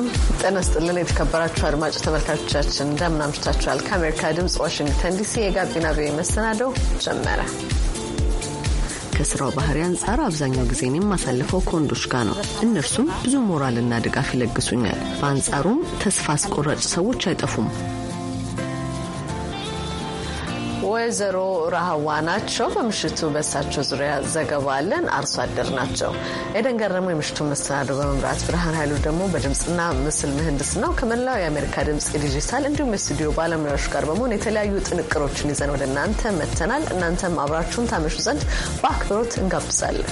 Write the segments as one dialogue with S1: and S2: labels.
S1: ሰላም ጤና ስጥልን። የተከበራችሁ አድማጭ ተመልካቾቻችን እንደምን አምሽታችኋል? ከአሜሪካ ድምፅ ዋሽንግተን ዲሲ የጋቢና ቪኦኤ መሰናደው ጀመረ። ከስራው ባህሪ አንጻር አብዛኛው ጊዜ የማሳልፈው ማሳልፈው ከወንዶች ጋር ነው። እነርሱም ብዙ ሞራልና ድጋፍ ይለግሱኛል። በአንጻሩም ተስፋ አስቆራጭ ሰዎች አይጠፉም። ወይዘሮ ረሃዋ ናቸው። በምሽቱ በሳቸው ዙሪያ ዘገባ አለን። አርሶ አደር ናቸው። ኤደን ገረሞ የምሽቱ መሰናዶ በመምራት ብርሃን ኃይሉ ደግሞ በድምፅና ምስል ምህንድስ ነው። ከመላው የአሜሪካ ድምፅ ዲጂታል እንዲሁም የስቱዲዮ ባለሙያዎች ጋር በመሆን የተለያዩ ጥንቅሮችን ይዘን ወደ እናንተ መተናል። እናንተም አብራችሁን ታመሹ ዘንድ በአክብሮት እንጋብዛለን።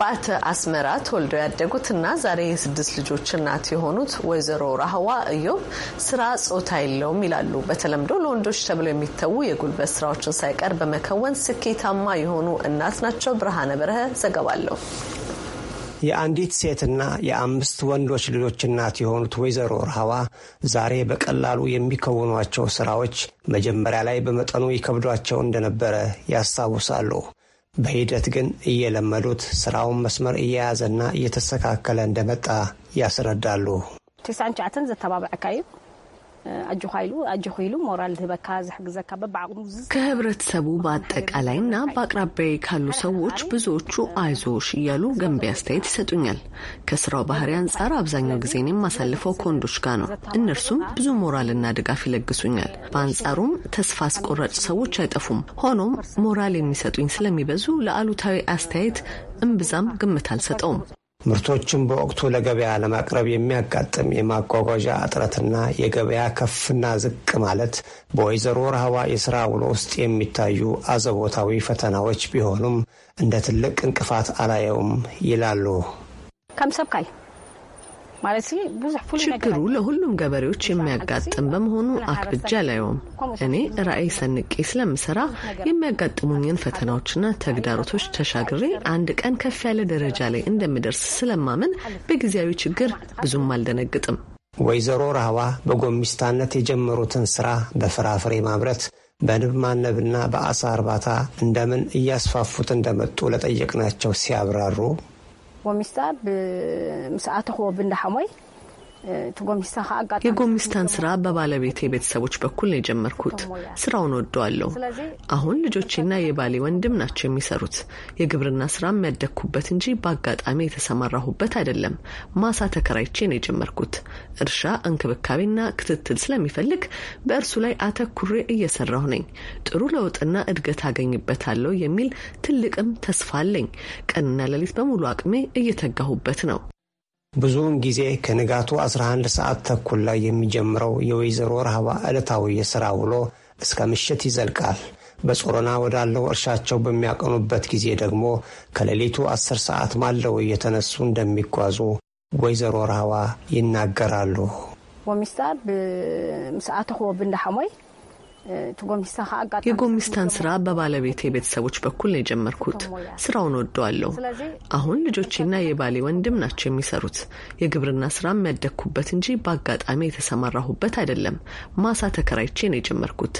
S1: በአተ አስመራ ተወልደው ያደጉትና ዛሬ የስድስት ልጆች እናት የሆኑት ወይዘሮ ራህዋ እዮብ ስራ ጾታ የለውም ይላሉ። በተለምዶ ለወንዶች ተብለው የሚተዉ የጉልበት ስራዎችን ሳይቀር በመከወን ስኬታማ የሆኑ እናት ናቸው። ብርሃነ በረሀ ዘገባለሁ።
S2: የአንዲት ሴትና የአምስት ወንዶች ልጆች እናት የሆኑት ወይዘሮ ርሃዋ ዛሬ በቀላሉ የሚከውኗቸው ስራዎች መጀመሪያ ላይ በመጠኑ ይከብዷቸው እንደነበረ ያስታውሳሉ። በሂደት ግን እየለመዱት ስራውን መስመር እየያዘና እየተስተካከለ እንደመጣ ያስረዳሉ።
S1: 99 እዩ
S2: ከህብረተሰቡ
S1: በአጠቃላይና በአቅራቢያ ካሉ ሰዎች ብዙዎቹ አይዞሽ እያሉ ገንቢ አስተያየት ይሰጡኛል። ከስራው ባህሪ አንጻር አብዛኛው ጊዜን የማሳልፈው ከወንዶች ጋር ነው። እነርሱም ብዙ ሞራልና ድጋፍ ይለግሱኛል። በአንጻሩም ተስፋ አስቆራጭ ሰዎች አይጠፉም። ሆኖም ሞራል የሚሰጡኝ ስለሚበዙ ለአሉታዊ አስተያየት እምብዛም ግምት አልሰጠውም።
S2: ምርቶችን በወቅቱ ለገበያ ለማቅረብ የሚያጋጥም የማጓጓዣ እጥረትና የገበያ ከፍና ዝቅ ማለት በወይዘሮ ረሃዋ የሥራ ውሎ ውስጥ የሚታዩ አዘቦታዊ ፈተናዎች ቢሆኑም እንደ ትልቅ እንቅፋት አላየውም ይላሉ።
S1: ከምሰብካይ ችግሩ ለሁሉም ገበሬዎች የሚያጋጥም በመሆኑ አክብጃ አላየውም። እኔ ራዕይ ሰንቄ ስለምሰራ የሚያጋጥሙኝን ፈተናዎችና ተግዳሮቶች ተሻግሬ አንድ ቀን ከፍ ያለ ደረጃ ላይ እንደምደርስ ስለማምን
S2: በጊዜያዊ ችግር ብዙም አልደነግጥም። ወይዘሮ ራህዋ በጎሚስታነት የጀመሩትን ስራ በፍራፍሬ ማምረት በንብ ማነብና በአሳ እርባታ እንደምን እያስፋፉት እንደመጡ ለጠየቅናቸው ሲያብራሩ
S1: ومستا بمساعته هو بن حموي የጎሚስታን ስራ በባለቤቴ ቤተሰቦች በኩል ነው የጀመርኩት። ስራውን ወደዋለሁ። አሁን ልጆቼና የባሌ ወንድም ናቸው የሚሰሩት። የግብርና ስራ የሚያደግኩበት እንጂ በአጋጣሚ የተሰማራሁበት አይደለም። ማሳ ተከራይቼ ነው የጀመርኩት። እርሻ እንክብካቤና ክትትል ስለሚፈልግ በእርሱ ላይ አተኩሬ እየሰራሁ ነኝ። ጥሩ ለውጥና እድገት አገኝበታለሁ የሚል ትልቅም ተስፋ አለኝ። ቀንና ሌሊት በሙሉ አቅሜ እየተጋሁበት ነው።
S2: ብዙውን ጊዜ ከንጋቱ 11 ሰዓት ተኩል ላይ የሚጀምረው የወይዘሮ ረሃባ ዕለታዊ የሥራ ውሎ እስከ ምሽት ይዘልቃል። በጾሮና ወዳለው እርሻቸው በሚያቀኑበት ጊዜ ደግሞ ከሌሊቱ 10 ሰዓት ማለው እየተነሱ እንደሚጓዙ ወይዘሮ ረሃባ ይናገራሉ።
S1: ወሚስታር ብሰዓት ኽወብ እንዳሐሞይ የጎሚስታን ስራ በባለቤቴ ቤተሰቦች በኩል ነው የጀመርኩት። ስራውን ወደዋለሁ። አሁን ልጆቼና የባሌ ወንድም ናቸው የሚሰሩት። የግብርና ስራ የሚያደግኩበት እንጂ በአጋጣሚ የተሰማራሁበት አይደለም። ማሳ ተከራይቼ ነው የጀመርኩት።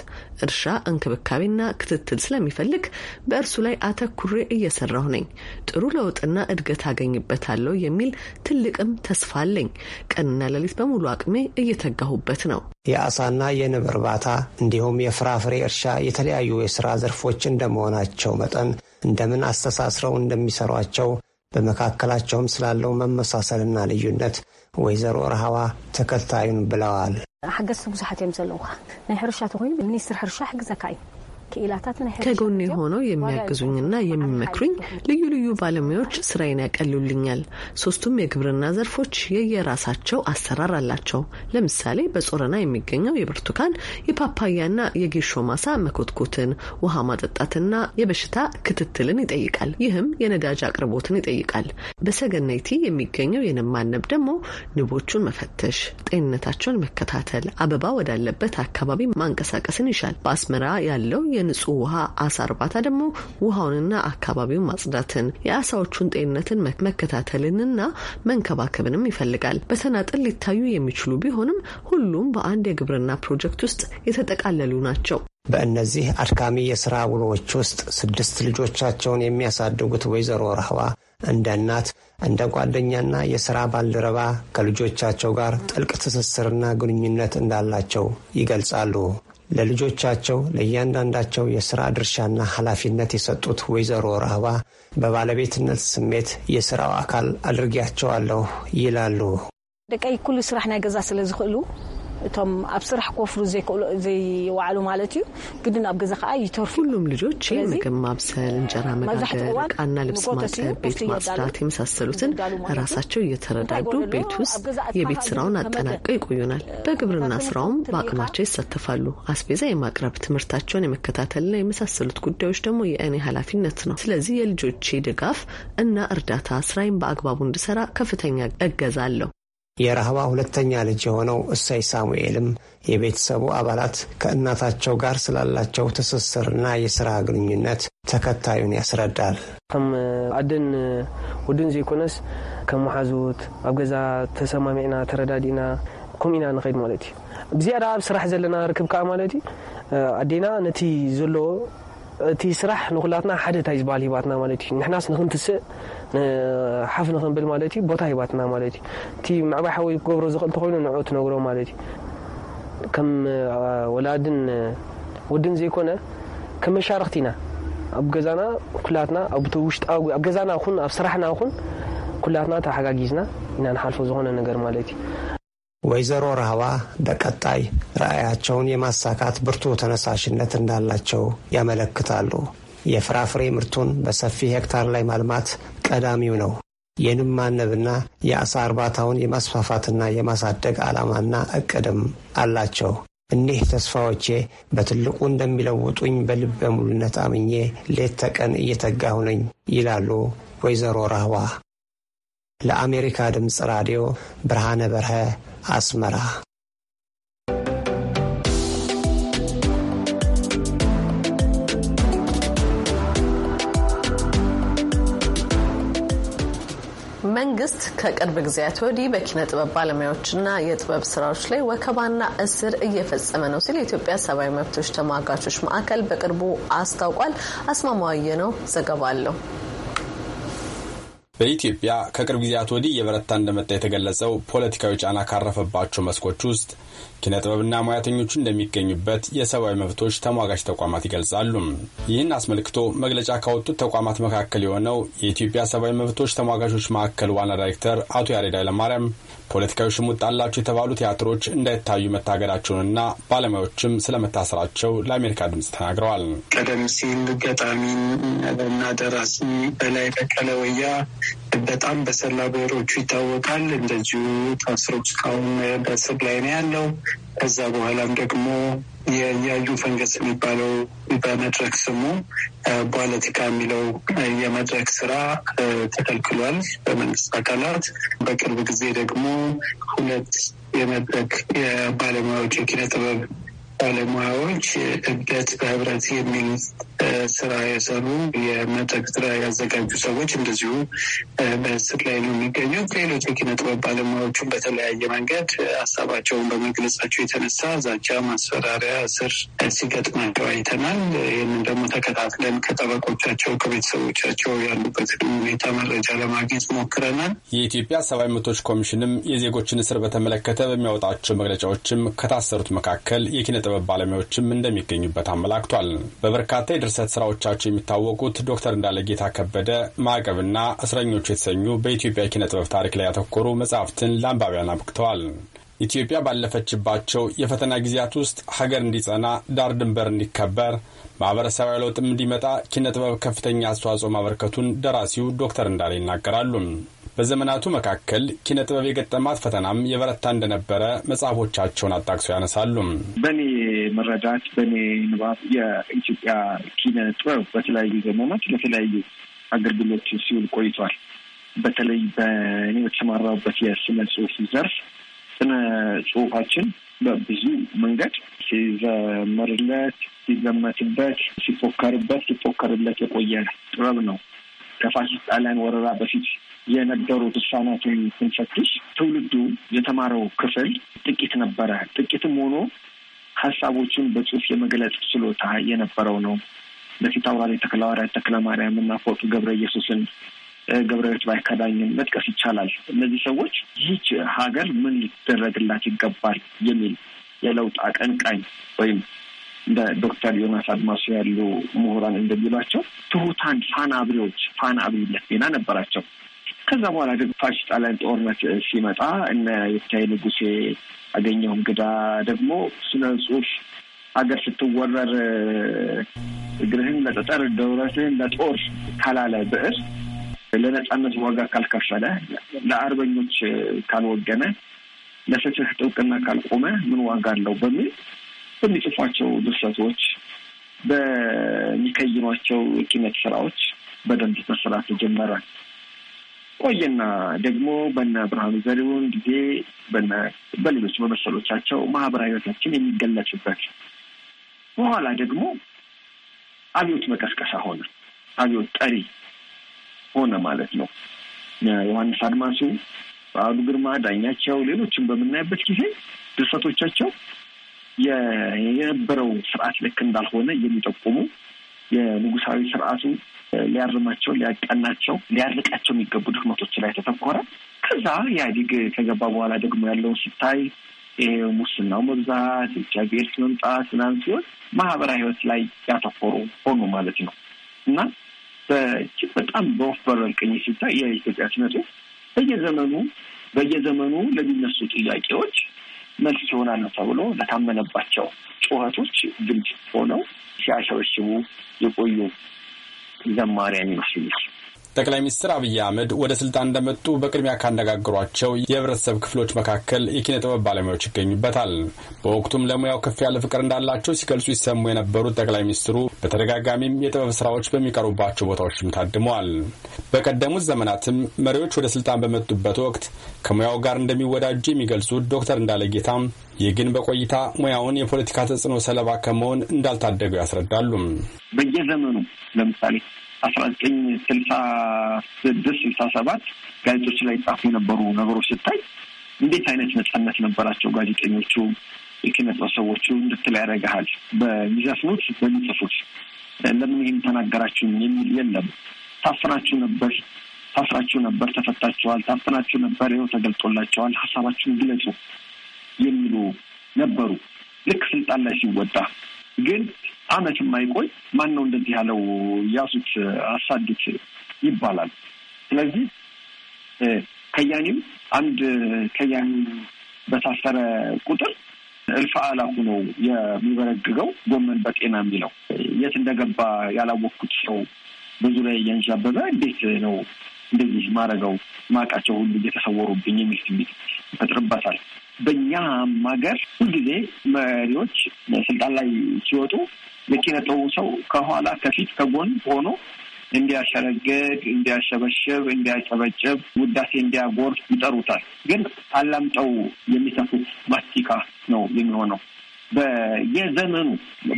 S1: እርሻ እንክብካቤና ክትትል ስለሚፈልግ በእርሱ ላይ አተኩሬ እየሰራሁ ነኝ። ጥሩ ለውጥና እድገት አገኝበታለሁ የሚል
S2: ትልቅም ተስፋ አለኝ። ቀንና ሌሊት በሙሉ አቅሜ እየተጋሁበት ነው። የአሳና የንብ እርባታ እንዲሁም እንዲሁም የፍራፍሬ እርሻ የተለያዩ የሥራ ዘርፎች እንደመሆናቸው መጠን እንደምን አስተሳስረው እንደሚሰሯቸው በመካከላቸውም ስላለው መመሳሰልና ልዩነት ወይዘሮ ረሃዋ ተከታዩን ብለዋል።
S1: ሓገዝቲ ብዙሓት እዮም ዘለውካ ናይ ሕርሻ ተኮይኑ ሚኒስትር ሕርሻ ሕግዘካ እዩ ከጎኒ ሆነው የሚያግዙኝና የሚመክሩኝ ልዩ ልዩ ባለሙያዎች ስራዬን ያቀሉልኛል። ሶስቱም የግብርና ዘርፎች የየራሳቸው አሰራር አላቸው። ለምሳሌ በጾረና የሚገኘው የብርቱካን የፓፓያና የጌሾ ማሳ መኮትኮትን፣ ውሃ ማጠጣትና የበሽታ ክትትልን ይጠይቃል። ይህም የነዳጅ አቅርቦትን ይጠይቃል። በሰገነይቲ የሚገኘው የንማነብ ደግሞ ንቦቹን መፈተሽ፣ ጤንነታቸውን መከታተል፣ አበባ ወዳለበት አካባቢ ማንቀሳቀስን ይሻል። በአስመራ ያለው የንጹህ ውሃ አሳ እርባታ ደግሞ ውሃውንና አካባቢውን ማጽዳትን፣ የአሳዎቹን ጤንነትን መከታተልንና መንከባከብንም ይፈልጋል። በተናጥል ሊታዩ የሚችሉ ቢሆንም ሁሉም በአንድ የግብርና ፕሮጀክት
S2: ውስጥ የተጠቃለሉ ናቸው። በእነዚህ አድካሚ የስራ ውሎዎች ውስጥ ስድስት ልጆቻቸውን የሚያሳድጉት ወይዘሮ ረህዋ እንደ እናት እንደ ጓደኛና የሥራ ባልደረባ ከልጆቻቸው ጋር ጥልቅ ትስስርና ግንኙነት እንዳላቸው ይገልጻሉ። ለልጆቻቸው ለእያንዳንዳቸው የሥራ ድርሻና ኃላፊነት የሰጡት ወይዘሮ ራህባ በባለቤትነት ስሜት የሥራው አካል አድርጌያቸዋለሁ ይላሉ።
S1: ደቀይ ኩሉ ስራሕ ናይ ገዛ ስለ ዝኽእሉ እቶም ኣብ ስራሕ ክወፍሩ ዘይዋዕሉ ማለት እዩ ግድን ኣብ ገዛ ከዓ ይተርፉ ሁሉም ልጆች ምግብ ማብሰል፣ እንጀራ መጋገር፣ ቃና ልብስ ማጠብ፣ ቤት ማጽዳት የመሳሰሉትን ራሳቸው እየተረዳዱ ቤት ውስጥ የቤት ስራውን አጠናቀው ይቆዩናል። በግብርና ስራውም በአቅማቸው ይሳተፋሉ። አስቤዛ የማቅረብ ትምህርታቸውን የመከታተልና የመሳሰሉት ጉዳዮች ደግሞ የእኔ ኃላፊነት ነው። ስለዚህ የልጆቼ ድጋፍ እና እርዳታ ስራይን በአግባቡ እንድሰራ ከፍተኛ
S2: እገዛ አለው። የረህባ ሁለተኛ ልጅ የሆነው እሰይ ሳሙኤልም የቤተሰቡ አባላት ከእናታቸው ጋር ስላላቸው ትስስርና የስራ ግንኙነት ተከታዩን ያስረዳል።
S3: ከም አደን ውድን ዘይኮነስ ከም መሓዙት ኣብ ገዛ ተሰማሚዕና ተረዳዲእና ከምኡ ኢና ንኸይድ ማለት እዩ ብዝያዳ ኣብ ስራሕ ዘለና ርክብ ከዓ ማለት እዩ ኣዴና ነቲ ዘለዎ እቲ ስራሕ ንኩላትና ሓደ እንታይ ዝበሃል ሂባትና ማለት እዩ ንሕናስ ንክንትስእ ሓፍ ንክንብል ማለት እዩ ቦታ ሂባትና ማለት እዩ እቲ ምዕባይ ሓወ ክገብሮ ዝኽእል እተኮይኑ ንዑ ትነግሮ ማለት እዩ ከም ወላድን ውድን ዘይኮነ ከም መሻርክቲ ኢና ኣብ ገዛና ኩላትና ኣብቲ ውሽጣዊ ኣብ ገዛና ኹን ኣብ ስራሕና ኹን ኩላትና ተሓጋጊዝና
S2: ኢና ንሓልፎ ዝኾነ ነገር ማለት እዩ ወይዘሮ ራህባ በቀጣይ ረአያቸውን የማሳካት ብርቱ ተነሳሽነት እንዳላቸው ያመለክታሉ። የፍራፍሬ ምርቱን በሰፊ ሄክታር ላይ ማልማት ቀዳሚው ነው። የንብ ማነብና የአሳ እርባታውን የማስፋፋትና የማሳደግ ዓላማና እቅድም አላቸው። እኒህ ተስፋዎቼ በትልቁ እንደሚለውጡኝ በልበ ሙሉነት አምኜ ሌት ተቀን እየተጋሁ ነኝ ይላሉ ወይዘሮ ራህዋ። ለአሜሪካ ድምፅ ራዲዮ ብርሃነ በርሀ አስመራ
S1: መንግስት ከቅርብ ጊዜያት ወዲህ በኪነ ጥበብ ባለሙያዎችና የጥበብ ስራዎች ላይ ወከባና እስር እየፈጸመ ነው ሲል የኢትዮጵያ ሰብአዊ መብቶች ተሟጋቾች ማዕከል በቅርቡ አስታውቋል። አስማማዋየ ነው ዘገባ አለው።
S4: በኢትዮጵያ ከቅርብ ጊዜያት ወዲህ የበረታ እንደመጣ የተገለጸው ፖለቲካዊ ጫና ካረፈባቸው መስኮች ውስጥ ኪነ ጥበብና ሙያተኞቹ እንደሚገኙበት የሰብአዊ መብቶች ተሟጋች ተቋማት ይገልጻሉ። ይህን አስመልክቶ መግለጫ ካወጡት ተቋማት መካከል የሆነው የኢትዮጵያ ሰብአዊ መብቶች ተሟጋቾች ማዕከል ዋና ዳይሬክተር አቶ ያሬድ ኃይለማርያም ፖለቲካዊ ሽሙጥ አላቸው የተባሉ ቲያትሮች እንዳይታዩ መታገዳቸውንና ባለሙያዎችም ስለመታሰራቸው ለአሜሪካ ድምጽ ተናግረዋል።
S3: ቀደም ሲል ገጣሚን እና ደራሲ በላይ በቀለ ወያ በጣም በሰላ ብዕሮቹ ይታወቃል። እንደዚሁ ታስሮ እስካሁን በእስር ላይ ነው ያለው። ከዛ በኋላም ደግሞ የያዩ ፈንገስ የሚባለው በመድረክ ስሙ ፖለቲካ የሚለው የመድረክ ስራ ተከልክሏል በመንግስት አካላት። በቅርብ ጊዜ ደግሞ ሁለት የመድረክ የባለሙያዎች የኪነ ጥበብ ባለሙያዎች እብደት በህብረት የሚል ስራ የሰሩ የመድረክ ስራ ያዘጋጁ ሰዎች እንደዚሁ በእስር ላይ ነው የሚገኙት። ሌሎች የኪነ ጥበብ ባለሙያዎቹን በተለያየ መንገድ ሀሳባቸውን በመግለጻቸው የተነሳ ዛቻ፣ ማስፈራሪያ፣ እስር ሲገጥማቸው አይተናል። ይህንን ደግሞ ተከታትለን ከጠበቆቻቸው ከቤተሰቦቻቸው ያሉበትን ሁኔታ መረጃ ለማግኘት ሞክረናል።
S4: የኢትዮጵያ ሰብአዊ መብቶች ኮሚሽንም የዜጎችን እስር በተመለከተ በሚያወጣቸው መግለጫዎችም ከታሰሩት መካከል የኪነ የጥበብ ባለሙያዎችም እንደሚገኙበት አመላክቷል። በበርካታ የድርሰት ስራዎቻቸው የሚታወቁት ዶክተር እንዳለጌታ ከበደ ማዕቀብና እስረኞቹ የተሰኙ በኢትዮጵያ ኪነ ጥበብ ታሪክ ላይ ያተኮሩ መጽሐፍትን ለአንባቢያን አብቅተዋል። ኢትዮጵያ ባለፈችባቸው የፈተና ጊዜያት ውስጥ ሀገር እንዲጸና፣ ዳር ድንበር እንዲከበር፣ ማህበረሰባዊ ለውጥም እንዲመጣ ኪነ ጥበብ ከፍተኛ አስተዋጽኦ ማበርከቱን ደራሲው ዶክተር እንዳለ ይናገራሉ። በዘመናቱ መካከል ኪነ ጥበብ የገጠማት ፈተናም የበረታ እንደነበረ መጽሐፎቻቸውን አጣቅሶ ያነሳሉ።
S5: በእኔ መረዳት፣ በእኔ ንባብ የኢትዮጵያ ኪነ ጥበብ በተለያዩ ዘመናት ለተለያዩ አገልግሎት ሲውል ቆይቷል። በተለይ በእኔ በተሰማራበት የስነ ጽሁፍ ዘርፍ ስነ ጽሁፋችን በብዙ መንገድ ሲዘመርለት፣ ሲዘመትበት፣ ሲፎከርበት ሲፎከርለት የቆየ ጥበብ ነው። ከፋሽስት ጣሊያን ወረራ በፊት የነበሩት እሷናትን ስንፈትሽ ትውልዱ የተማረው ክፍል ጥቂት ነበረ። ጥቂትም ሆኖ ሀሳቦቹን በጽሁፍ የመግለጽ ችሎታ የነበረው ነው። በፊት አውራሪ ተክለሐዋርያት ተክለ ማርያም እና ፎቅ ገብረ ኢየሱስን ገብረሕይወት ባይከዳኝም መጥቀስ ይቻላል። እነዚህ ሰዎች ይህች ሀገር ምን ሊደረግላት ይገባል የሚል የለውጥ አቀንቃኝ ወይም እንደ ዶክተር ዮናስ አድማሱ ያሉ ምሁራን እንደሚሏቸው ትሁታን ፋና አብሪዎች ፋና አብሪነት ሚና ነበራቸው። ከዛ በኋላ ግን ፋሽ ጣሊያን ጦርነት ሲመጣ እነ የታይ ንጉሴ አገኘሁ እንግዳ ደግሞ ስነ ጽሁፍ ሀገር ስትወረር እግርህን ለጠጠር ደውረትህን ለጦር ካላለ ብዕር ለነጻነት ዋጋ ካልከፈለ ለአርበኞች ካልወገነ ለፍትህ ጥብቅና ካልቆመ ምን ዋጋ አለው በሚል በሚጽፏቸው ድርሰቶች፣ በሚከይኗቸው የኪነት ስራዎች በደንብ መሰራት ጀመረ። ቆየና ደግሞ በነ ብርሃኑ ዘሪሁን ጊዜ በሌሎች በመሰሎቻቸው ማህበራዊ ህይወታችን የሚገለጽበት በኋላ ደግሞ አብዮት መቀስቀሳ ሆነ። አብዮት ጠሪ ሆነ ማለት ነው። ዮሐንስ አድማሱ፣ በአሉ ግርማ፣ ዳኛቸው፣ ሌሎችም በምናይበት ጊዜ ድርሰቶቻቸው የነበረው ስርዓት ልክ እንዳልሆነ የሚጠቁሙ የንጉሳዊ ስርዓቱ ሊያርማቸው፣ ሊያቀናቸው፣ ሊያርቃቸው የሚገቡ ድክመቶች ላይ ተተኮረ። ከዛ ኢህአዴግ ከገባ በኋላ ደግሞ ያለውን ስታይ ይሄ ሙስናው መብዛት፣ እግዚአብሔር መምጣት ምናምን ሲሆን ማህበራዊ ህይወት ላይ ያተኮሩ ሆኑ ማለት ነው እና በእጅግ በጣም በወፍ በረር ቅኝት ሲታይ የኢትዮጵያ ሲመጡ በየዘመኑ በየዘመኑ ለሚነሱ ጥያቄዎች መልስ ይሆናሉ ተብሎ ለታመነባቸው ጩኸቶች ግልጽ ሆነው ሲያሸበሽቡ የቆዩ
S4: ዘማሪያን ይመስሉኛል። ጠቅላይ ሚኒስትር አብይ አህመድ ወደ ስልጣን እንደመጡ በቅድሚያ ካነጋግሯቸው የህብረተሰብ ክፍሎች መካከል የኪነ ጥበብ ባለሙያዎች ይገኙበታል። በወቅቱም ለሙያው ከፍ ያለ ፍቅር እንዳላቸው ሲገልጹ ይሰሙ የነበሩት ጠቅላይ ሚኒስትሩ በተደጋጋሚም የጥበብ ስራዎች በሚቀርቡባቸው ቦታዎችም ታድመዋል። በቀደሙት ዘመናትም መሪዎች ወደ ስልጣን በመጡበት ወቅት ከሙያው ጋር እንደሚወዳጁ የሚገልጹት ዶክተር እንዳለ ጌታም ይህ ግን በቆይታ ሙያውን የፖለቲካ ተጽዕኖ ሰለባ ከመሆን እንዳልታደገው ያስረዳሉ። በየዘመኑ ለምሳሌ
S5: አስራ ዘጠኝ ስልሳ ስድስት ስልሳ ሰባት ጋዜጦች ላይ ጻፉ የነበሩ ነገሮች ስታይ እንዴት አይነት ነጻነት ነበራቸው ጋዜጠኞቹ የኪነጥበብ ሰዎቹ እንድትል ያደርግሃል። በሚዘፍኑት በሚጽፉት ለምን ይህን ተናገራችሁ የሚል የለም። ታፍናችሁ ነበር ታፍራችሁ ነበር ተፈታችኋል፣ ታፍናችሁ ነበር ይኸው ተገልጦላቸዋል፣ ሀሳባችሁን ግለጹ የሚሉ ነበሩ። ልክ ስልጣን ላይ ሲወጣ ግን አመት የማይቆይ ማን ነው እንደዚህ ያለው? ያዙት፣ አሳዱት ይባላል። ስለዚህ ከያኔም አንድ ከያኔ በታሰረ ቁጥር እልፍ አላፉ ነው የሚበረግገው። ጎመን በጤና የሚለው የት እንደገባ ያላወቅኩት ሰው ብዙ ላይ እያንዣበበ እንዴት ነው እንደዚህ ማረገው ማቃቸው ሁሉ እየተሰወሩብኝ የሚል ስሜት ይፈጥርበታል። በእኛ ሀገር ሁልጊዜ መሪዎች ስልጣን ላይ ሲወጡ የኪነ ጥበቡ ሰው ከኋላ ከፊት ከጎን ሆኖ እንዲያሸረግግ፣ እንዲያሸበሽብ፣ እንዲያጨበጭብ፣ ውዳሴ እንዲያጎርፍ ይጠሩታል። ግን አላምጠው የሚሰፉት ማስቲካ ነው የሚሆነው። በየዘመኑ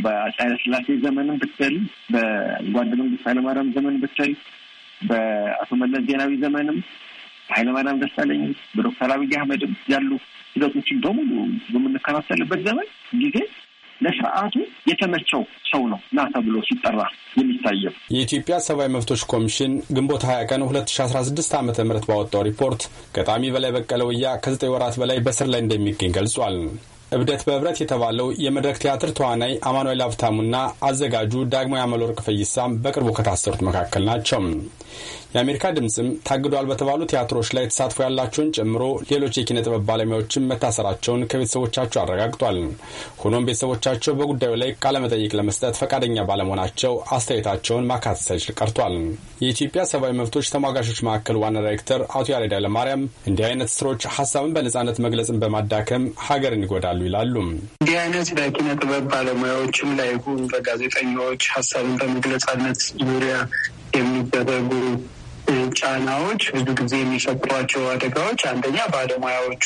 S5: በአፄ ኃይለሥላሴ ዘመንም ብትል፣ በጓድ መንግስቱ ኃይለማርያም ዘመን ብትል፣ በአቶ መለስ ዜናዊ ዘመንም ኃይለማርያም ደሳለኝ በዶክተር አብይ አህመድም ያሉ ሂደቶችን በሙሉ በምንከታተልበት ዘመን ጊዜ ለስርዓቱ የተመቸው ሰው ነው ና ተብሎ ሲጠራ የሚታየው የኢትዮጵያ ሰብአዊ
S4: መብቶች ኮሚሽን ግንቦት ሀያ ቀን ሁለት ሺ አስራ ስድስት ዓመተ ምህረት ባወጣው ሪፖርት ገጣሚ በላይ በቀለ ውያ ከዘጠኝ ወራት በላይ በስር ላይ እንደሚገኝ ገልጿል። እብደት በህብረት የተባለው የመድረክ ቲያትር ተዋናይ አማኑኤል ሀብታሙና አዘጋጁ ዳግማዊ አመለወርቅ ፈይሳም በቅርቡ ከታሰሩት መካከል ናቸው። የአሜሪካ ድምፅም ታግዷል በተባሉ ቲያትሮች ላይ ተሳትፎ ያላቸውን ጨምሮ ሌሎች የኪነ ጥበብ ባለሙያዎችም መታሰራቸውን ከቤተሰቦቻቸው አረጋግጧል። ሆኖም ቤተሰቦቻቸው በጉዳዩ ላይ ቃለመጠይቅ ለመስጠት ፈቃደኛ ባለመሆናቸው አስተያየታቸውን ማካተት ሳይችል ቀርቷል። የኢትዮጵያ ሰብአዊ መብቶች ተሟጋቾች ማዕከል ዋና ዳይሬክተር አቶ ያሬድ ኃይለማርያም እንዲህ አይነት ስሮች ሀሳብን በነጻነት መግለጽን በማዳከም ሀገርን ይጎዳሉ ይላሉ።
S3: እንዲህ አይነት በኪነ ጥበብ ባለሙያዎችም ላይ ይሁን በጋዜጠኛዎች ሀሳብን በመግለጻነት ዙሪያ የሚደረጉ ጫናዎች ብዙ ጊዜ የሚፈጥሯቸው አደጋዎች አንደኛ ባለሙያዎቹ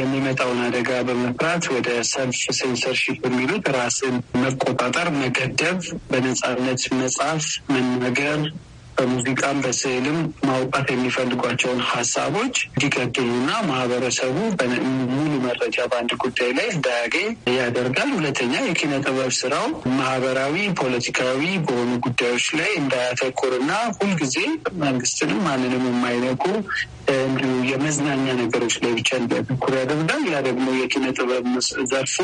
S3: የሚመጣውን አደጋ በመፍራት ወደ ሰልፍ ሴንሰርሺፕ የሚሉት ራስን መቆጣጠር፣ መገደብ፣ በነጻነት መጻፍ፣ መናገር በሙዚቃም በስዕልም ማውጣት የሚፈልጓቸውን ሀሳቦች እንዲቀጥሉና ማህበረሰቡ ሙሉ መረጃ በአንድ ጉዳይ ላይ እንዳያገኝ ያደርጋል። ሁለተኛ የኪነ ጥበብ ስራው ማህበራዊ፣ ፖለቲካዊ በሆኑ ጉዳዮች ላይ እንዳያተኩርና ሁልጊዜ መንግስትንም ማንንም የማይነቁ እንዲሁ የመዝናኛ ነገሮች ላይ ብቻ እንዲያተኩር ያደርጋል። ያ ደግሞ የኪነ ጥበብ ዘርፉ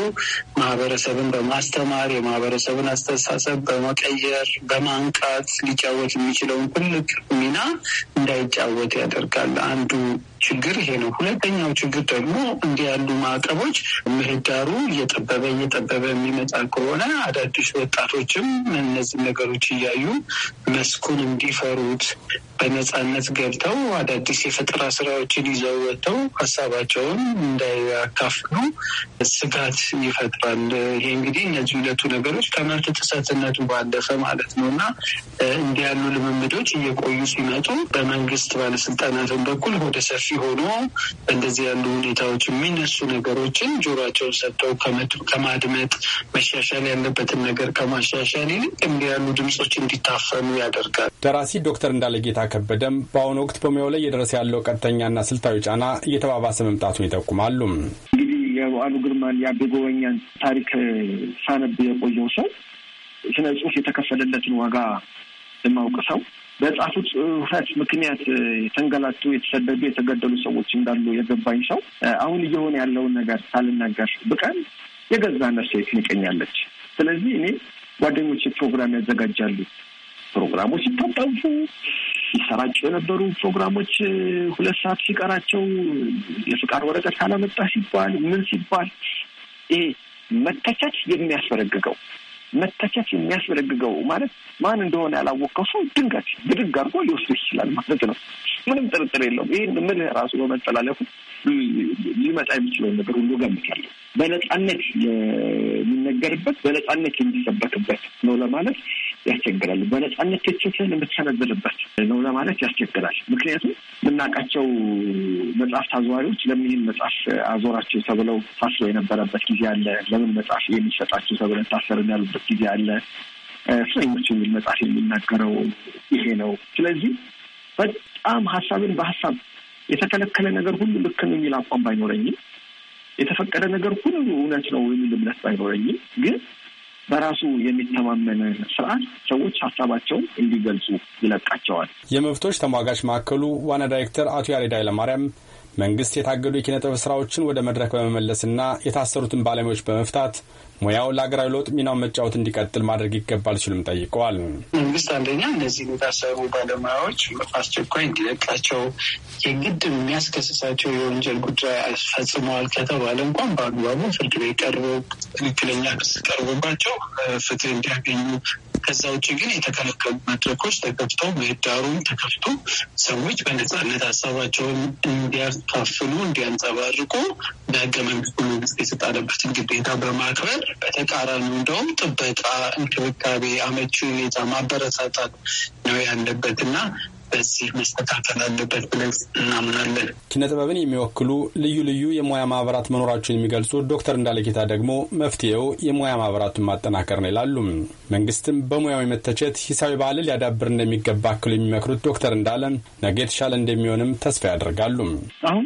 S3: ማህበረሰብን በማስተማር የማህበረሰብን አስተሳሰብ በመቀየር በማንቃት ሊጫወት የሚችለው ትልቅ ሚና እንዳይጫወት ያደርጋል። አንዱ ችግር ይሄ ነው። ሁለተኛው ችግር ደግሞ እንዲህ ያሉ ማዕቀቦች ምህዳሩ እየጠበበ እየጠበበ የሚመጣ ከሆነ አዳዲስ ወጣቶችም እነዚህ ነገሮች እያዩ መስኩን እንዲፈሩት በነፃነት ገብተው አዳዲስ የፈጠራ ስራዎችን ይዘው ወጥተው ሀሳባቸውን እንዳያካፍሉ ስጋት ይፈጥራል። ይሄ እንግዲህ እነዚህ ሁለቱ ነገሮች ከመብት ጥሰትነቱ ባለፈ ማለት ነው እና እንዲህ ያሉ ልምምዶች እየቆዩ ሲመጡ በመንግስት ባለስልጣናትን በኩል ወደ ሰፊ ሲሆኑ እንደዚህ ያሉ ሁኔታዎች የሚነሱ ነገሮችን ጆሯቸውን ሰጥተው ከማድመጥ መሻሻል ያለበትን ነገር ከማሻሻል ይልቅ እንዲህ ያሉ ድምጾች እንዲታፈኑ ያደርጋል።
S4: ደራሲ ዶክተር እንዳለጌታ ከበደም በአሁኑ ወቅት በሙያው ላይ የደረሰ ያለው ቀጥተኛና ስልታዊ ጫና እየተባባሰ መምጣቱን ይጠቁማሉ።
S5: እንግዲህ የበዓሉ ግርማን የአቤ ጎበኛን ታሪክ ሳነብ የቆየው ሰው ስነ ጽሁፍ የተከፈለለትን ዋጋ የማውቅ ሰው በጻፉ ጽሁፈት ምክንያት የተንገላቱ፣ የተሰደዱ፣ የተገደሉ ሰዎች እንዳሉ የገባኝ ሰው አሁን እየሆነ ያለውን ነገር ሳልናገር ብቀን የገዛ ነፍሴ ትንቀኛለች። ስለዚህ እኔ ጓደኞች ፕሮግራም ያዘጋጃሉ። ፕሮግራሞች ይታጣፉ ይሰራጩ የነበሩ ፕሮግራሞች ሁለት ሰዓት ሲቀራቸው የፍቃድ ወረቀት ካላመጣ ሲባል ምን ሲባል ይሄ መተቸት የሚያስፈረግገው መተቸት የሚያስበለግገው ማለት ማን እንደሆነ ያላወቀው ሰው ድንጋት ብድግ አድርጎ ሊወስዱ ይችላል ማለት ነው። ምንም ጥርጥር የለውም። ይህን ምልህ ራሱ በመጠላለፉ ሊመጣ የሚችለውን ነገር ሁሉ ገምታለሁ። በነፃነት የሚነገርበት በነፃነት የሚሰበክበት ነው ለማለት ያስቸግራል። በነጻነት ቴክሶችን የምትሰነዝርበት ነው ለማለት ያስቸግራል። ምክንያቱም የምናውቃቸው መጽሐፍ ታዘዋሪዎች ለምን መጽሐፍ አዞራቸው ተብለው ታስረው የነበረበት ጊዜ አለ። ለምን መጽሐፍ የሚሰጣቸው ተብለን ታሰርን ያሉበት ጊዜ አለ። እስረኞች የሚል መጽሐፍ የሚናገረው ይሄ ነው። ስለዚህ በጣም ሀሳብን በሀሳብ የተከለከለ ነገር ሁሉ ልክ ነው የሚል አቋም ባይኖረኝም የተፈቀደ ነገር ሁሉ እውነት ነው የሚል እምነት ባይኖረኝም ግን በራሱ የሚተማመን ስርዓት ሰዎች ሀሳባቸውን እንዲገልጹ
S4: ይለቃቸዋል። የመብቶች ተሟጋች ማዕከሉ ዋና ዳይሬክተር አቶ ያሬድ ኃይለማርያም መንግስት የታገዱ የኪነ ጥበብ ስራዎችን ወደ መድረክ በመመለስና የታሰሩትን ባለሙያዎች በመፍታት ሙያው ለሀገራዊ ለውጥ ሚናውን መጫወት እንዲቀጥል ማድረግ ይገባል ሲሉም ጠይቀዋል።
S3: መንግስት አንደኛ እነዚህ የታሰሩ ባለሙያዎች አስቸኳይ እንዲለቃቸው የግድ የሚያስከስሳቸው የወንጀል ጉዳይ ፈጽመዋል ከተባለ እንኳን በአግባቡ ፍርድ ቤት ቀርበው ትክክለኛ ክስ ቀርቦባቸው ፍትህ እንዲያገኙ ከዛ ውጭ ግን የተከለከሉ መድረኮች ተከፍተው ምህዳሩም ተከፍቶ ሰዎች በነጻነት ሀሳባቸውን እንዲያ እንዲያካፍሉ እንዲያንጸባርቁ በህገ መንግስቱ መንግስት የተጣለበትን ግዴታ በማክበር በተቃራኒው እንደውም ጥበቃ፣ እንክብካቤ፣ አመቺ ሁኔታ ማበረታታት ነው ያለበት እና በዚህ መስተካከል አለበት ብለን እናምናለን። ኪነ ጥበብን የሚወክሉ
S4: ልዩ ልዩ የሙያ ማህበራት መኖራቸውን የሚገልጹ ዶክተር እንዳለጌታ ደግሞ መፍትሄው የሙያ ማህበራቱን ማጠናከር ነው ይላሉ። መንግስትም በሙያዊ መተቸት ሂሳዊ ባህል ሊያዳብር እንደሚገባ አክሉ የሚመክሩት ዶክተር እንዳለ ነገ የተሻለ እንደሚሆንም ተስፋ ያደርጋሉ።
S5: አሁን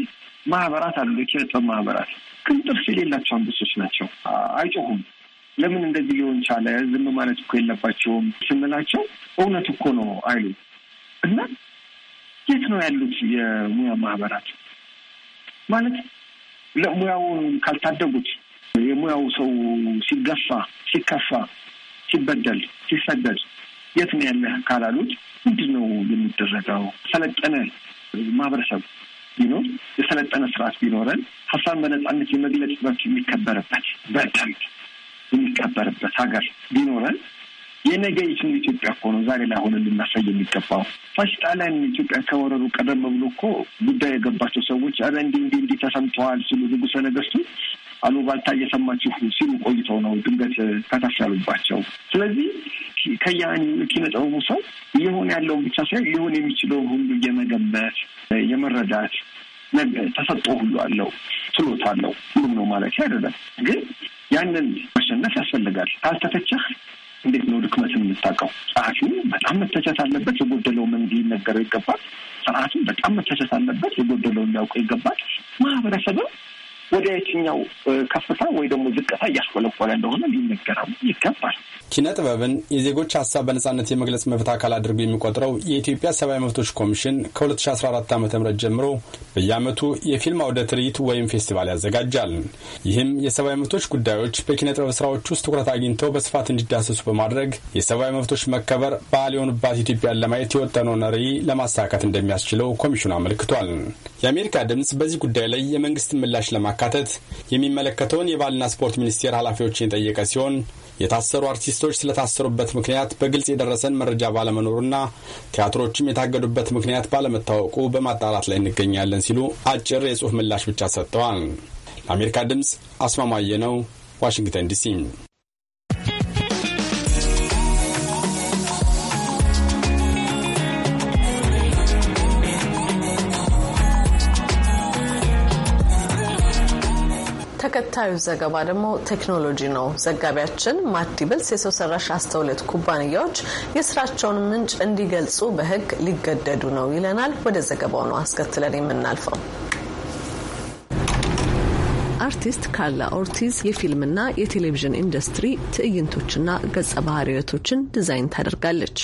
S5: ማህበራት አሉ፣ የኪነ ጥበብ ማህበራት ግን ጥርስ የሌላቸው አንበሶች ናቸው፣ አይጮሁም። ለምን እንደዚህ ሊሆን ቻለ? ዝም ማለት እኮ የለባቸውም ስንላቸው እውነት እኮ ነው አይሉ እና የት ነው ያሉት የሙያ ማህበራት ማለት ለሙያው ካልታደጉት የሙያው ሰው ሲገፋ፣ ሲከፋ፣ ሲበደል፣ ሲሰደድ የት ነው ያለ ካላሉት ምንድን ነው የሚደረገው? ሰለጠነ ማህበረሰብ ቢኖር የሰለጠነ ስርዓት ቢኖረን ሀሳብን በነጻነት የመግለጽ መብት የሚከበርበት በደንብ የሚከበርበት ሀገር ቢኖረን የነገ ይችን ኢትዮጵያ እኮ ነው ዛሬ ላይ ሆነ ልናሳይ የሚገባው። ፋሽ ጣሊያን ኢትዮጵያ ከወረሩ ቀደም ብሎ እኮ ጉዳይ የገባቸው ሰዎች አረ እንዲ እንዲ እንዲ ተሰምተዋል ሲሉ ንጉሰ ነገስቱ አሉባልታ እየሰማችሁ ሲሉ ቆይተው ነው ድንገት ከታች ያሉባቸው። ስለዚህ ከያኒ ኪነ ጥበቡ ሰው እየሆነ ያለውን ብቻ ሳይሆን ሊሆን የሚችለውን ሁሉ የመገመት የመረዳት ተሰጦ ሁሉ አለው፣ ችሎታ አለው። ሁሉም ነው ማለት አይደለም፣ ግን ያንን ማሸነፍ ያስፈልጋል። ካልተተቸህ እንዴት ነው ድክመት የምንታቀው? ጸሐፊው በጣም መተቸት አለበት፣ የጎደለውም እንዲነገረው ይገባል። ስርዓቱም በጣም መተቸት አለበት፣ የጎደለው ሊያውቀው ይገባል። ማህበረሰብም ወደ የትኛው ከፍታ ወይ ደግሞ ዝቅታ እያስኮለኮለ እንደሆነ ሊነገረው
S4: ይገባል። ኪነ ጥበብን የዜጎች ሀሳብ በነጻነት የመግለጽ መብት አካል አድርጎ የሚቆጥረው የኢትዮጵያ ሰብአዊ መብቶች ኮሚሽን ከ2014 ዓ ም ጀምሮ በየዓመቱ የፊልም አውደ ትርኢት ወይም ፌስቲቫል ያዘጋጃል። ይህም የሰብአዊ መብቶች ጉዳዮች በኪነ ጥበብ ስራዎች ውስጥ ትኩረት አግኝተው በስፋት እንዲዳሰሱ በማድረግ የሰብአዊ መብቶች መከበር ባህል የሆኑባት ኢትዮጵያን ለማየት የወጠነውን ራዕይ ለማሳካት እንደሚያስችለው ኮሚሽኑ አመልክቷል። የአሜሪካ ድምፅ በዚህ ጉዳይ ላይ የመንግስት ምላሽ ለማ በማካተት የሚመለከተውን የባህልና ስፖርት ሚኒስቴር ኃላፊዎችን የጠየቀ ሲሆን የታሰሩ አርቲስቶች ስለታሰሩበት ምክንያት በግልጽ የደረሰን መረጃ ባለመኖሩና ቲያትሮችም የታገዱበት ምክንያት ባለመታወቁ በማጣራት ላይ እንገኛለን ሲሉ አጭር የጽሑፍ ምላሽ ብቻ ሰጥተዋል። ለአሜሪካ ድምፅ አስማማየ ነው፣ ዋሽንግተን ዲሲ።
S1: ተከታዩ ዘገባ ደግሞ ቴክኖሎጂ ነው። ዘጋቢያችን ማዲብልስ የሰው ሰራሽ አስተውሎት ኩባንያዎች የስራቸውን ምንጭ እንዲገልጹ በሕግ ሊገደዱ ነው ይለናል። ወደ ዘገባው ነው አስከትለን የምናልፈው። አርቲስት ካርላ ኦርቲዝ የፊልምና የቴሌቪዥን ኢንዱስትሪ ትዕይንቶችና ገጸ ባህሪያቶችን ዲዛይን ታደርጋለች።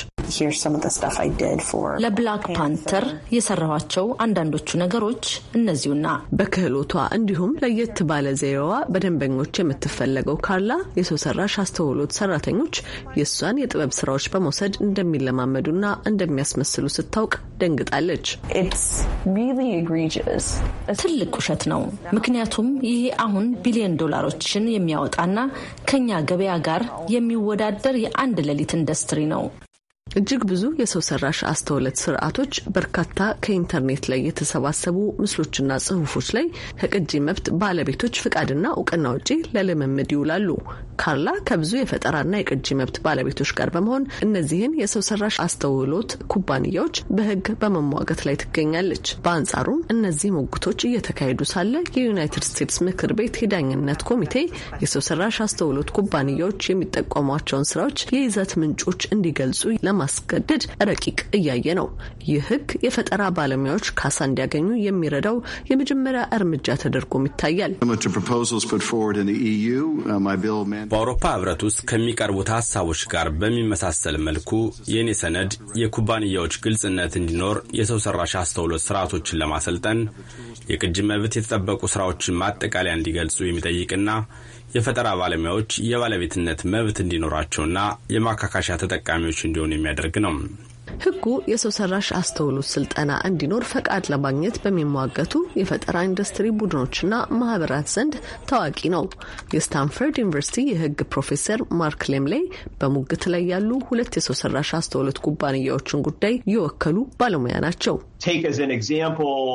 S1: ለብላክ ፓንተር የሰራኋቸው አንዳንዶቹ ነገሮች እነዚሁና በክህሎቷ እንዲሁም ለየት ባለ ዘዬዋ በደንበኞች የምትፈለገው ካርላ የሰው ሰራሽ አስተውሎት ሰራተኞች የእሷን የጥበብ ስራዎች በመውሰድ እንደሚለማመዱና እንደሚያስመስሉ ስታውቅ ደንግጣለች። ትልቅ ውሸት ነው፣ ምክንያቱም ይህ አሁን ቢሊዮን ዶላሮችን የሚያወጣና ከኛ ገበያ ጋር የሚወዳደር የአንድ ሌሊት ኢንዱስትሪ ነው። እጅግ ብዙ የሰው ሰራሽ አስተውለት ስርዓቶች በርካታ ከኢንተርኔት ላይ የተሰባሰቡ ምስሎችና ጽሁፎች ላይ ከቅጂ መብት ባለቤቶች ፍቃድና እውቅና ውጪ ለልምምድ ይውላሉ። ካርላ ከብዙ የፈጠራና የቅጂ መብት ባለቤቶች ጋር በመሆን እነዚህን የሰው ሰራሽ አስተውሎት ኩባንያዎች በህግ በመሟገት ላይ ትገኛለች። በአንጻሩም እነዚህ ሞግቶች እየተካሄዱ ሳለ የዩናይትድ ስቴትስ ምክር ቤት የዳኝነት ኮሚቴ የሰው ሰራሽ አስተውሎት ኩባንያዎች የሚጠቀሟቸውን ስራዎች የይዘት ምንጮች እንዲገልጹ ለማ ማስገደድ ረቂቅ እያየ ነው። ይህ ህግ የፈጠራ ባለሙያዎች ካሳ እንዲያገኙ የሚረዳው የመጀመሪያ እርምጃ ተደርጎም ይታያል። e uh,
S3: በአውሮፓ ህብረት
S4: ውስጥ ከሚቀርቡት ሀሳቦች ጋር በሚመሳሰል መልኩ የእኔ ሰነድ የኩባንያዎች ግልጽነት እንዲኖር የሰው ሰራሽ አስተውሎት ስርዓቶችን ለማሰልጠን የቅጂ መብት የተጠበቁ ስራዎችን ማጠቃለያ እንዲገልጹ የሚጠይቅና የፈጠራ ባለሙያዎች የባለቤትነት መብት እንዲኖራቸውና የማካካሻ ተጠቃሚዎች እንዲሆኑ የሚያደርግ ነው።
S1: ህጉ የሰው ሰራሽ አስተውሎት ስልጠና እንዲኖር ፈቃድ ለማግኘት በሚሟገቱ የፈጠራ ኢንዱስትሪ ቡድኖችና ማህበራት ዘንድ ታዋቂ ነው። የስታንፈርድ ዩኒቨርሲቲ የህግ ፕሮፌሰር ማርክ ሌምሌይ በሙግት ላይ ያሉ ሁለት የሰው ሰራሽ አስተውሎት ኩባንያዎችን ጉዳይ የወከሉ ባለሙያ ናቸው። take as an example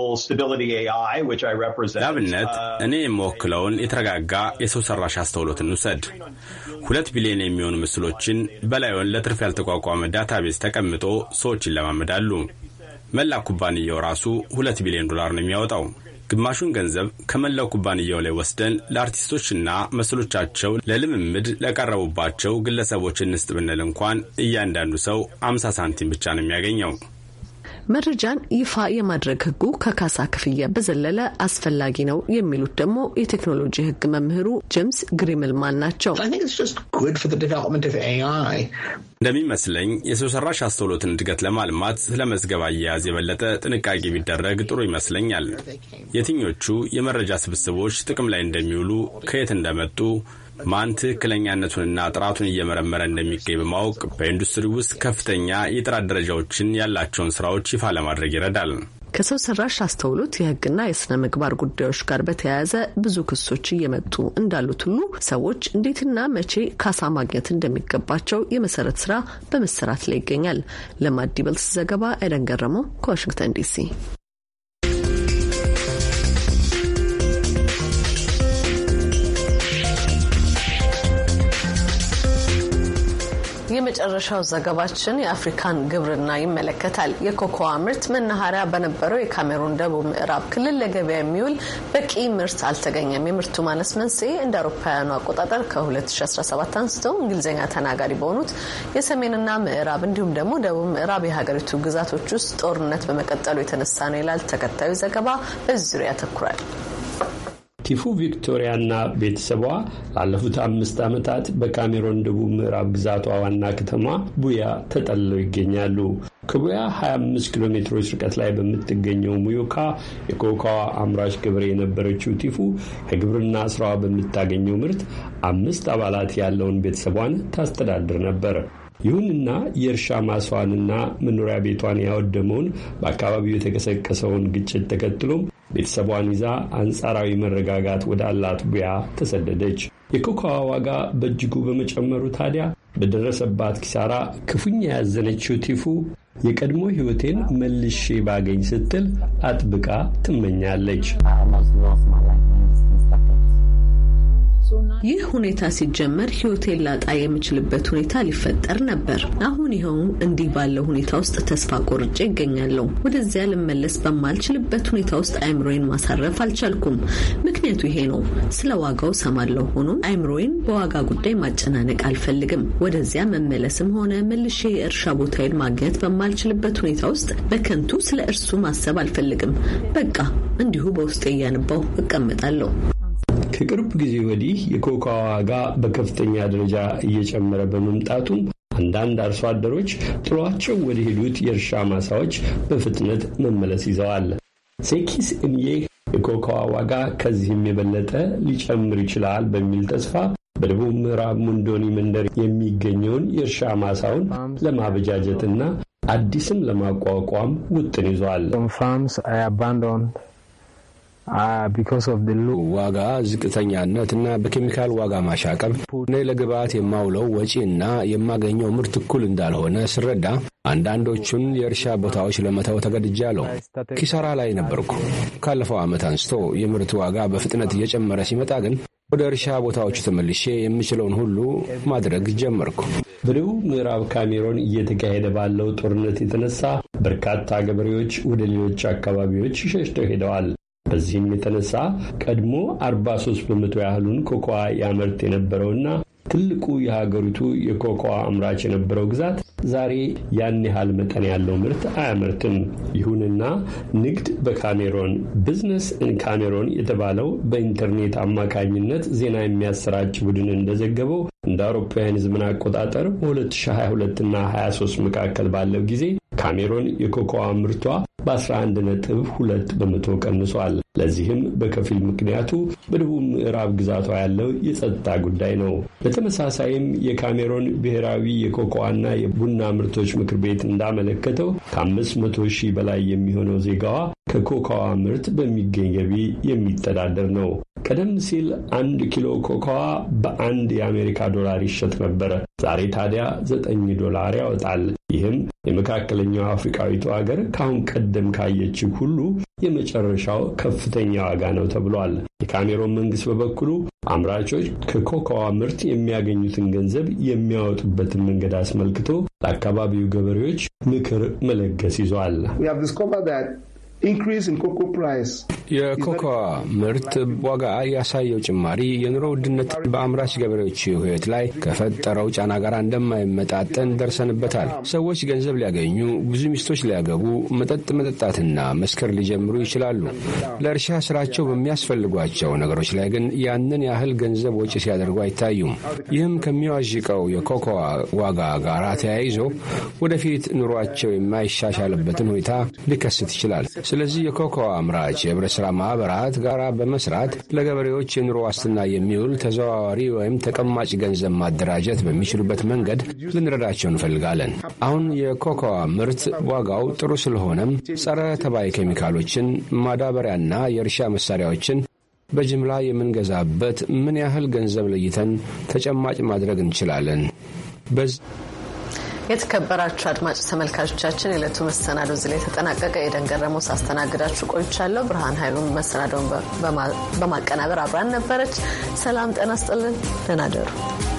S4: ለአብነት uh, እኔ የምወክለውን የተረጋጋ የሰው ሰራሽ አስተውሎት ውሰድ። ሁለት ቢሊዮን የሚሆኑ ምስሎችን በላዩን ለትርፍ ያልተቋቋመ ዳታቤዝ ተቀምጦ ሰዎች ይለማመዳሉ። መላ ኩባንያው ራሱ ሁለት ቢሊዮን ዶላር ነው የሚያወጣው። ግማሹን ገንዘብ ከመላው ኩባንያው ላይ ወስደን ለአርቲስቶችና ምስሎቻቸው ለልምምድ ለቀረቡባቸው ግለሰቦች እንስጥ ብንል እንኳን እያንዳንዱ ሰው አምሳ ሳንቲም ብቻ ነው የሚያገኘው።
S1: መረጃን ይፋ የማድረግ ህጉ ከካሳ ክፍያ በዘለለ አስፈላጊ ነው የሚሉት ደግሞ የቴክኖሎጂ ህግ መምህሩ ጄምስ ግሪምልማን ናቸው።
S4: እንደሚመስለኝ የሰው ሰራሽ አስተውሎትን እድገት ለማልማት ስለ መዝገብ አያያዝ የበለጠ ጥንቃቄ ቢደረግ ጥሩ ይመስለኛል። የትኞቹ የመረጃ ስብስቦች ጥቅም ላይ እንደሚውሉ ከየት እንደመጡ ማን ትክክለኛነቱንና ጥራቱን እየመረመረ እንደሚገኝ በማወቅ በኢንዱስትሪ ውስጥ ከፍተኛ የጥራት ደረጃዎችን ያላቸውን ስራዎች ይፋ ለማድረግ ይረዳል።
S1: ከሰው ሰራሽ አስተውሎት የሕግና የስነ ምግባር ጉዳዮች ጋር በተያያዘ ብዙ ክሶች እየመጡ እንዳሉት ሁሉ ሰዎች እንዴትና መቼ ካሳ ማግኘት እንደሚገባቸው የመሰረት ስራ በመሰራት ላይ ይገኛል። ለማዲበልስ ዘገባ ኤደን ገረመው ከዋሽንግተን ዲሲ የመጨረሻው ዘገባችን የአፍሪካን ግብርና ይመለከታል። የኮኮዋ ምርት መናኸሪያ በነበረው የካሜሩን ደቡብ ምዕራብ ክልል ለገበያ የሚውል በቂ ምርት አልተገኘም። የምርቱ ማነስ መንስኤ እንደ አውሮፓውያኑ አቆጣጠር ከ2017 አንስተው እንግሊዝኛ ተናጋሪ በሆኑት የሰሜንና ምዕራብ እንዲሁም ደግሞ ደቡብ ምዕራብ የሀገሪቱ ግዛቶች ውስጥ ጦርነት በመቀጠሉ የተነሳ ነው ይላል ተከታዩ ዘገባ። በዚህ ዙሪያ ያተኩራል።
S6: ቲፉ ቪክቶሪያና ቤተሰቧ ላለፉት አምስት ዓመታት በካሜሮን ደቡብ ምዕራብ ግዛቷ ዋና ከተማ ቡያ ተጠልለው ይገኛሉ። ከቡያ 25 ኪሎ ሜትሮች ርቀት ላይ በምትገኘው ሙዮካ የኮካዋ አምራች ገበሬ የነበረችው ቲፉ ከግብርና ስራዋ በምታገኘው ምርት አምስት አባላት ያለውን ቤተሰቧን ታስተዳድር ነበር። ይሁንና የእርሻ ማስዋንና መኖሪያ ቤቷን ያወደመውን በአካባቢው የተቀሰቀሰውን ግጭት ተከትሎም ቤተሰቧን ይዛ አንጻራዊ መረጋጋት ወደ አላትቡያ ተሰደደች። የኮካዋ ዋጋ በእጅጉ በመጨመሩ ታዲያ በደረሰባት ኪሳራ ክፉኛ ያዘነችው ቲፉ የቀድሞ ሕይወቴን መልሼ ባገኝ ስትል አጥብቃ ትመኛለች።
S1: ይህ ሁኔታ ሲጀመር ህይወቴን ላጣ የምችልበት ሁኔታ ሊፈጠር ነበር። አሁን ይኸው እንዲህ ባለው ሁኔታ ውስጥ ተስፋ ቆርጬ ይገኛለሁ። ወደዚያ ልመለስ በማልችልበት ሁኔታ ውስጥ አይምሮዬን ማሳረፍ አልቻልኩም። ምክንያቱ ይሄ ነው። ስለ ዋጋው ሰማለሁ። ሆኖም አይምሮዬን በዋጋ ጉዳይ ማጨናነቅ አልፈልግም። ወደዚያ መመለስም ሆነ መልሼ የእርሻ ቦታዬን ማግኘት በማልችልበት ሁኔታ ውስጥ በከንቱ ስለ እርሱ ማሰብ አልፈልግም። በቃ እንዲሁ በውስጤ እያነባው እቀመጣለሁ።
S6: ከቅርብ ጊዜ ወዲህ የኮካ ዋጋ በከፍተኛ ደረጃ እየጨመረ በመምጣቱም አንዳንድ አርሶ አደሮች ጥሏቸው ወደ ሄዱት የእርሻ ማሳዎች በፍጥነት መመለስ ይዘዋል። ሴኪስ እምዬ የኮካዋ ዋጋ ከዚህም የበለጠ ሊጨምር ይችላል በሚል ተስፋ በደቡብ ምዕራብ ሙንዶኒ መንደር የሚገኘውን የእርሻ ማሳውን ለማበጃጀትና አዲስም ለማቋቋም ውጥን ይዟል። Ah,
S7: ዋጋ ዝቅተኛነት እና በኬሚካል ዋጋ ማሻቀብ እኔ ለግብዓት የማውለው ወጪ እና የማገኘው ምርት እኩል እንዳልሆነ ስረዳ አንዳንዶቹን የእርሻ ቦታዎች ለመተው ተገድጃለሁ። ኪሳራ ላይ ነበርኩ። ካለፈው ዓመት አንስቶ የምርት ዋጋ በፍጥነት እየጨመረ ሲመጣ ግን ወደ እርሻ ቦታዎቹ ተመልሼ የምችለውን ሁሉ ማድረግ
S6: ጀመርኩ። በደቡብ ምዕራብ ካሜሮን እየተካሄደ ባለው ጦርነት የተነሳ በርካታ ገበሬዎች ወደ ሌሎች አካባቢዎች ሸሽተው ሄደዋል። በዚህም የተነሳ ቀድሞ 43 በመቶ ያህሉን ኮኮዋ ያመርት የነበረውና ትልቁ የሀገሪቱ የኮኮዋ አምራች የነበረው ግዛት ዛሬ ያን ያህል መጠን ያለው ምርት አያመርትም። ይሁንና ንግድ በካሜሮን ቢዝነስ ኢን ካሜሮን የተባለው በኢንተርኔት አማካኝነት ዜና የሚያሰራጭ ቡድን እንደዘገበው እንደ አውሮፓውያን ዘመን አቆጣጠር በ2022 ና 23 መካከል ባለው ጊዜ ካሜሮን የኮኮዋ ምርቷ በ11 ነጥብ 2 በመቶ ቀንሷል። ለዚህም በከፊል ምክንያቱ በደቡብ ምዕራብ ግዛቷ ያለው የጸጥታ ጉዳይ ነው። በተመሳሳይም የካሜሮን ብሔራዊ የኮኮዋና የቡና ምርቶች ምክር ቤት እንዳመለከተው ከ500 ሺህ በላይ የሚሆነው ዜጋዋ ከኮካዋ ምርት በሚገኝ ገቢ የሚተዳደር ነው። ቀደም ሲል አንድ ኪሎ ኮካዋ በአንድ የአሜሪካ ዶላር ይሸጥ ነበረ። ዛሬ ታዲያ ዘጠኝ ዶላር ያወጣል። ይህም የመካከለኛው አፍሪካዊቱ አገር ከአሁን ቀደም ካየችው ሁሉ የመጨረሻው ከፍተኛ ዋጋ ነው ተብሏል። የካሜሮን መንግስት በበኩሉ አምራቾች ከኮካዋ ምርት የሚያገኙትን ገንዘብ የሚያወጡበትን መንገድ አስመልክቶ ለአካባቢው ገበሬዎች ምክር መለገስ ይዟል። የኮኮዋ ምርት
S7: ዋጋ ያሳየው ጭማሪ የኑሮ ውድነት በአምራች ገበሬዎች ሕይወት ላይ ከፈጠረው ጫና ጋር እንደማይመጣጠን ደርሰንበታል። ሰዎች ገንዘብ ሊያገኙ፣ ብዙ ሚስቶች ሊያገቡ፣ መጠጥ መጠጣትና መስከር ሊጀምሩ ይችላሉ። ለእርሻ ስራቸው በሚያስፈልጓቸው ነገሮች ላይ ግን ያንን ያህል ገንዘብ ወጪ ሲያደርጉ አይታዩም። ይህም ከሚዋዥቀው የኮኮዋ ዋጋ ጋር ተያይዞ ወደፊት ኑሯቸው የማይሻሻልበትን ሁኔታ ሊከስት ይችላል። ስለዚህ የኮኮ አምራች የህብረት ሥራ ማኅበራት ጋር በመስራት ለገበሬዎች የኑሮ ዋስትና የሚውል ተዘዋዋሪ ወይም ተቀማጭ ገንዘብ ማደራጀት በሚችሉበት መንገድ ልንረዳቸው እንፈልጋለን። አሁን የኮኮዋ ምርት ዋጋው ጥሩ ስለሆነም ጸረ ተባይ ኬሚካሎችን፣ ማዳበሪያና የእርሻ መሣሪያዎችን በጅምላ የምንገዛበት ምን ያህል ገንዘብ ለይተን ተጨማጭ ማድረግ እንችላለን።
S1: የተከበራችሁ አድማጭ ተመልካቾቻችን የዕለቱ መሰናዶ እዚህ ላይ የተጠናቀቀ። የደን ገረመው ሳስተናግዳችሁ ቆይቻለሁ። ብርሃን ኃይሉን መሰናዶውን በማቀናበር አብራን ነበረች። ሰላም ጤና ይስጥልን። ደህና ደሩ